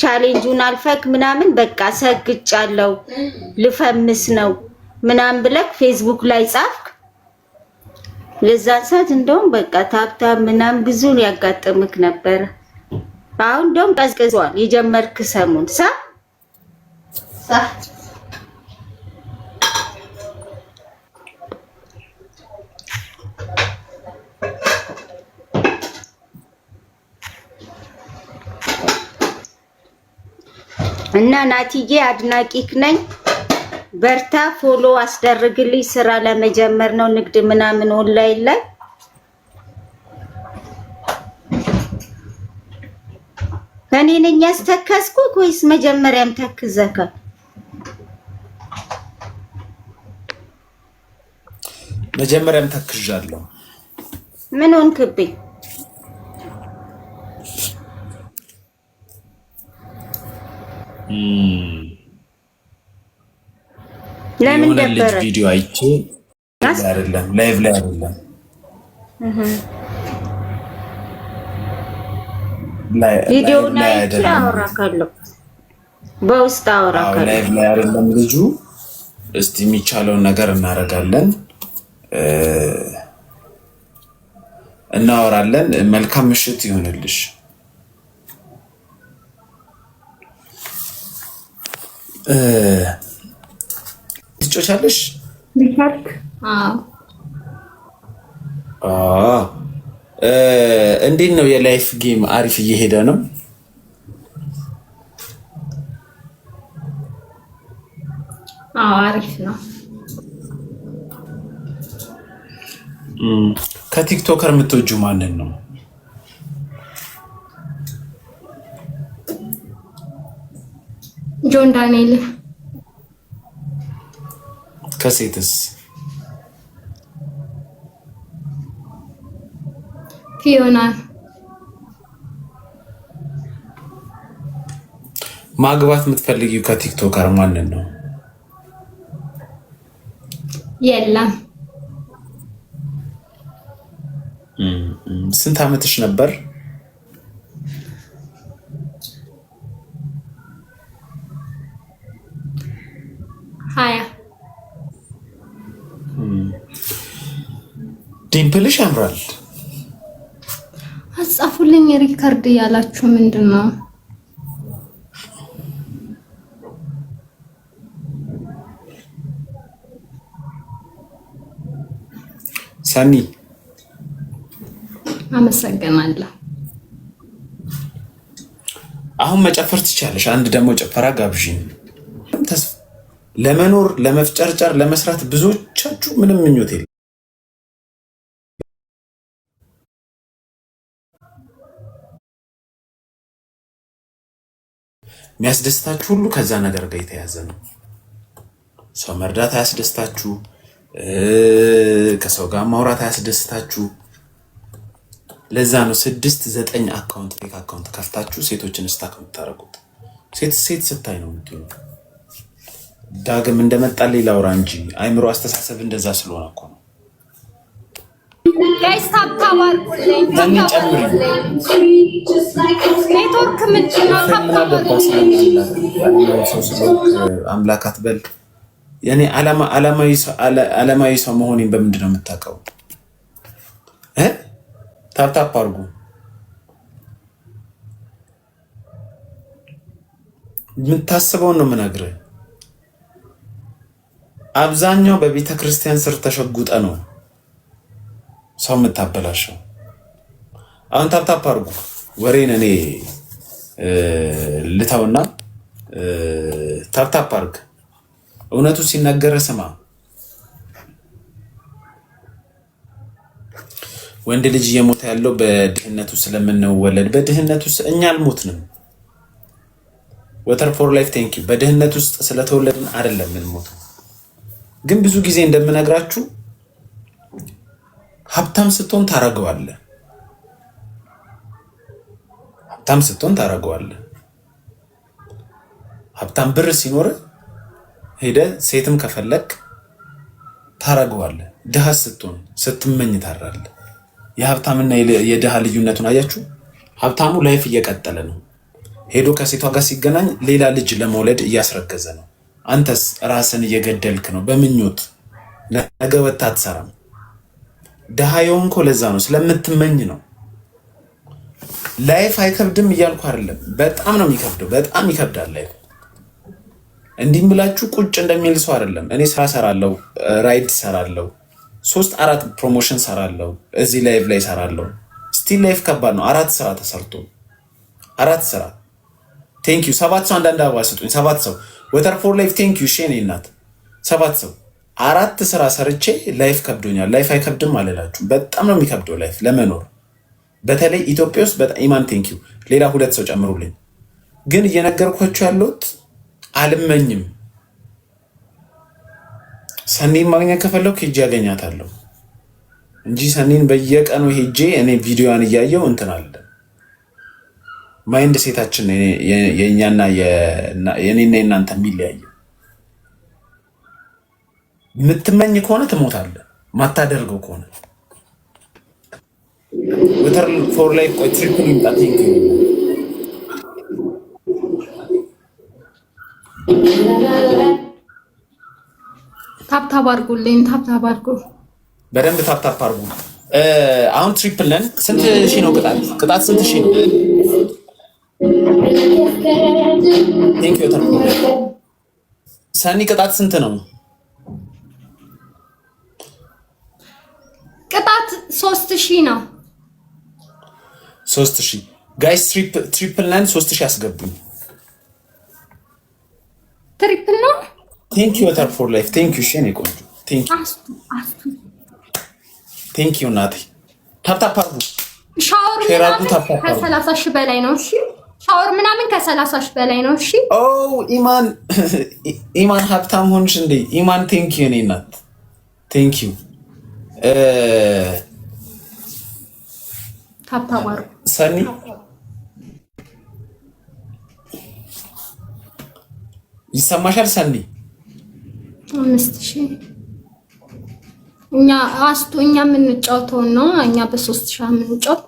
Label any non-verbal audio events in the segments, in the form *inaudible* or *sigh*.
ቻሌንጁን አልፈክ ምናምን በቃ ሰግጫለው ልፈምስ ነው ምናምን ብለክ ፌስቡክ ላይ ጻፍክ። ለዛ ሰዓት እንደውም በቃ ታብታ ምናምን ብዙ ያጋጥምክ ነበረ። አሁን እንደውም ቀዝቅዟል። የጀመርክ ሰሙን ሳ እና ናቲዬ አድናቂክ ነኝ። በርታ፣ ፎሎ አስደርግልኝ። ስራ ለመጀመር ነው ንግድ ምናምን ኦንላይን ላይ እኔ ነኝ ያስተከስኩ ወይስ መጀመሪያም ተክዘከ? መጀመሪያም ተክዣለሁ። ምን ሆንክብኝ? ለምን ደበረ? ቪዲዮ አይቼ አይደለም፣ ላይቭ ላይ አይደለም፣ ቪዲዮ ላይ አይቼ አወራካለሁ፣ በውስጥ አወራካለሁ። ላይቭ ላይ አይደለም ላይ አይቼ አወራካለሁ በውስጥ አወራካለሁ ላይቭ ላይ አይደለም ልጁ እስቲ የሚቻለውን ነገር እናደርጋለን፣ እናወራለን። መልካም ምሽት ይሆንልሽ። ትጮቻለሽ? እንዴት ነው የላይፍ ጌም? አሪፍ እየሄደ ነው። አሪፍ ነው። ከቲክቶከር የምትወጁ ማንን ነው? ጆን ዳንኤል ከሴትስ ፊዮና ማግባት የምትፈልጊው ከቲክቶከር ማንን ነው? የለም። ስንት ዓመትሽ ነበር? ዲምፕልሽ ያምራል። አጻፉልኝ ሪከርድ ያላችሁ ምንድን ነው? ሰኒ አመሰግናለሁ። አሁን መጨፈር ትቻለሽ። አንድ ደግሞ ጭፈራ ጋብዥን። ለመኖር ለመፍጨርጨር፣ ለመስራት ብዙዎቻችሁ ምንም ምኞት የለም። የሚያስደስታችሁ ሁሉ ከዛ ነገር ጋር የተያዘ ነው። ሰው መርዳት አያስደስታችሁ፣ ከሰው ጋር ማውራት አያስደስታችሁ። ለዛ ነው ስድስት ዘጠኝ አካውንት ፌክ አካውንት ከፍታችሁ ሴቶችን ስታክ የምታደርጉት። ሴት ሴት ስታይ ነው የምትሆኑ። ዳግም እንደመጣ ሌላ አውራ እንጂ አይምሮ አስተሳሰብ እንደዛ ስለሆነ እኮ ነው። ጋይስ ታብታባርኩልኝ ኔትወርክ ምንድን ነው? አምላክ አትበል። የኔ ዓለማዊ ሰው መሆኔን በምንድን ነው የምታውቀው? ታፕታፕ አድርጉ። የምታስበውን ነው የምነግርህ። አብዛኛው በቤተ ክርስቲያን ስር ተሸጉጠ ነው ሰው የምታበላሸው። አሁን ታፕታፕ አድርጉ። ወሬን እኔ ልተውና ታፕታፕ አድርግ። እውነቱ ሲናገረ ስማ። ወንድ ልጅ እየሞተ ያለው በድህነቱ ስለምንወለድ በድህነት ውስጥ እኛ አልሞትንም። ወተር ፎር ላይፍ ቴንኪ። በድህነት ውስጥ ስለተወለድን አይደለም ምንሞት። ግን ብዙ ጊዜ እንደምነግራችሁ ሀብታም ስትሆን ታረገዋለ። ሀብታም ስትሆን ታረገዋለ። ሀብታም ብር ሲኖር ሄደ ሴትም ከፈለግ ታረገዋለ። ድሃ ስትሆን ስትመኝ ታራለ። የሀብታምና የድሃ ልዩነቱን አያችሁ። ሀብታሙ ላይፍ እየቀጠለ ነው። ሄዶ ከሴቷ ጋር ሲገናኝ ሌላ ልጅ ለመውለድ እያስረገዘ ነው። አንተስ ራስን እየገደልክ ነው። በምኞት ነገ ወጥተህ አትሰራም። ድሃ የሆንከው ለዛ ነው፣ ስለምትመኝ ነው። ላይፍ አይከብድም እያልኩ አይደለም። በጣም ነው የሚከብደው፣ በጣም ይከብዳል ላይፍ። እንዲህም ብላችሁ ቁጭ እንደሚል ሰው አይደለም። እኔ ስራ ሰራለው፣ ራይድ ሰራለው፣ ሶስት አራት ፕሮሞሽን ሰራለው፣ እዚህ ላይፍ ላይ ሰራለው። ስቲል ላይፍ ከባድ ነው። አራት ስራ ተሰርቶ አራት ስራ ቴንኪዩ። ሰባት ሰው አንዳንድ አበባ ስጡኝ። ሰባት ሰው ወተርፎር ላይፍ ቴንኪዩ። እሺ እኔ እናት ሰባት ሰው አራት ስራ ሰርቼ ላይፍ ከብዶኛል። ላይፍ አይከብድም አልላችሁም። በጣም ነው የሚከብደው ላይፍ ለመኖር በተለይ ኢትዮጵያ ውስጥ በጣም ኢማን ቴንኪው ሌላ ሁለት ሰው ጨምሩልኝ። ግን እየነገርኳችሁ ያለሁት አልመኝም። ሰኒን ማግኘት ከፈለኩ ሄጄ ያገኛታለሁ እንጂ ሰኒን በየቀኑ ሄጄ እኔ ቪዲዮን እያየው እንትን አለ ማይንድ ሴታችን የእኛና የእኔና የእናንተ የሚለያየው የምትመኝ ከሆነ ትሞታለህ። ማታደርገው ከሆነ ዊተር ፎር ላይ ቆይ ትሪፕል ታፕታፕ አድርጉልኝ። ታፕታፕ አድርጉ፣ በደንብ ታፕታፕ አድርጉ። አሁን ትሪፕል ነን። ስንት ሺ ነው ቅጣት? ቅጣት ስንት ሺ ነው? ቴንክ ዩ ሰኒ ቅጣት ስንት ነው? ብዛት ሶስት ሺህ ነው። ሶስት ሺህ ጋይስ ትሪፕል ናይን ሶስት ሺህ አስገቡኝ። ትሪፕል ነው። ቴንክ ዩ ወተር ፎር ላይፍ ቴንክ ዩ ሸኔ ቆንጆ ቴንክ ዩ እናቴ። ታፕታፕ አድርጉ። ሻወር ምናምን ከሰላሳ ሺህ በላይ ነው። እሺ ሻወር ምናምን ከሰላሳ ሺህ በላይ ነው። እሺ ኦ oh, ኢማን *laughs* ኢማን ሀብታም ሆንሽ እንዴ ኢማን። ቴንክ ዩ እኔ እናት ቴንክ ዩ ሰኒ ይሰማሻል? ሰኒ እኛ አስቶ እኛ የምንጫወተውን ነው። እኛ በሶስት ሺህ የምንጫወት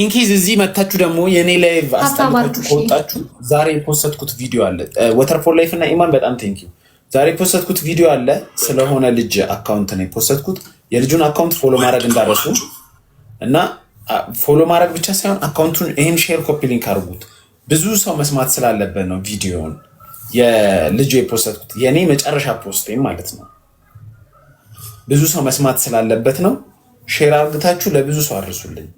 ኢንኪዝ እዚህ መታችሁ ደግሞ የእኔ ላይቭ አስጠልታችሁ ከወጣችሁ ዛሬ የፖስተትኩት ቪዲዮ አለ። ወተርፎር ላይፍ እና ኢማን በጣም ቴንኪው ዛሬ የፖሰትኩት ቪዲዮ አለ። ስለሆነ ልጅ አካውንት ነው የፖሰትኩት። የልጁን አካውንት ፎሎ ማድረግ እንዳረሱ እና ፎሎ ማድረግ ብቻ ሳይሆን አካውንቱን ይህን ሼር ኮፒ ሊንክ አድርጉት። ብዙ ሰው መስማት ስላለበት ነው ቪዲዮን የልጁ የፖሰትኩት የእኔ መጨረሻ ፖስት ማለት ነው። ብዙ ሰው መስማት ስላለበት ነው ሼር አርግታችሁ ለብዙ ሰው አድርሱልኝ።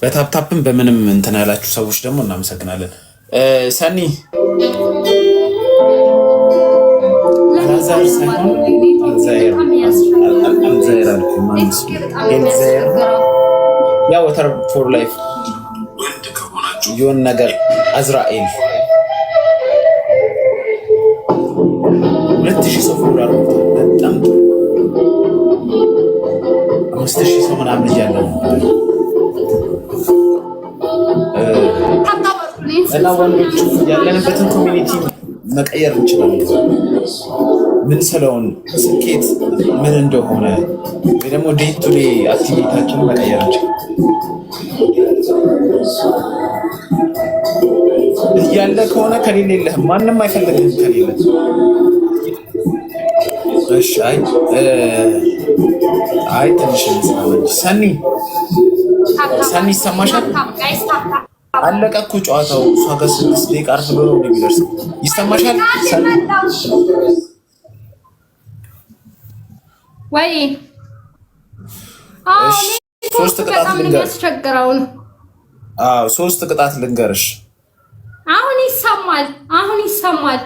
በታፕታፕም በምንም እንትን ያላችሁ ሰዎች ደግሞ እናመሰግናለን። ሰኒ ያ ወተር ፎር ላይፍ ነገር አዝራኤል ሁለት ሺህ ሰው በጣም አምስት ሺህ ሰው ምናምን እያለ ነው እና ወንዶች ያለንበትን ኮሚኒቲ መቀየር እንችላለን። ምን ስለሆን ስኬት ምን እንደሆነ ወይ ደግሞ ዴይ ቱ ዴይ አክቲቪታችን መቀየር እንችላለን። እያለ ከሆነ ከሌለ የለህም፣ ማንም አይፈልግም ከሌለ እሺ። አይ አይ ትንሽ ሰኒ ሰኒ ይሰማሻል? አለቀ እኮ ጨዋታው። እሷ ከስድስት ደቂቃ አርፍ ብሎ ነው የሚደርስ። ይሰማሻል ወይ? ሶስት ቅጣት ልንገርሽ። አዎ ሶስት ቅጣት ልንገርሽ። አሁን ይሰማል፣ አሁን ይሰማል።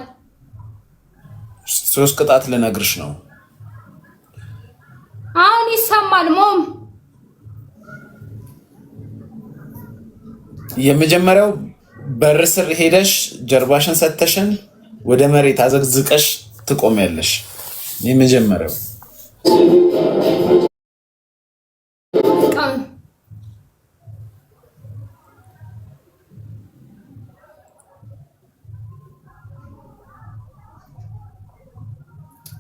ሶስት ቅጣት ልነግርሽ ነው። አሁን ይሰማል ሞም የመጀመሪያው በር ስር ሄደሽ ጀርባሽን ሰተሽን ወደ መሬት አዘግዝቀሽ ትቆሚያለሽ። የመጀመሪያው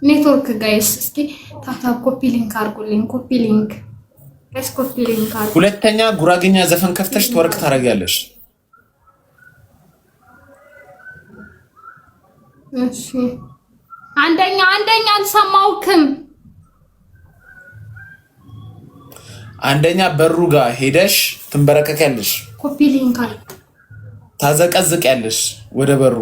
ኔትወርክ ጋይስ፣ እስኪ ታታ ኮፒ ሊንክ አርጉልኝ። ኮፒ ሊንክ ሁለተኛ ጉራግኛ ዘፈን ከፍተሽ ትወርቅ ታደርጊያለሽ። አንደኛ አንደኛ አልሰማውክም። አንደኛ በሩ ጋር ሄደሽ ትንበረከክ ያለሽ ታዘቀዝቅ ያለሽ ወደ በሩ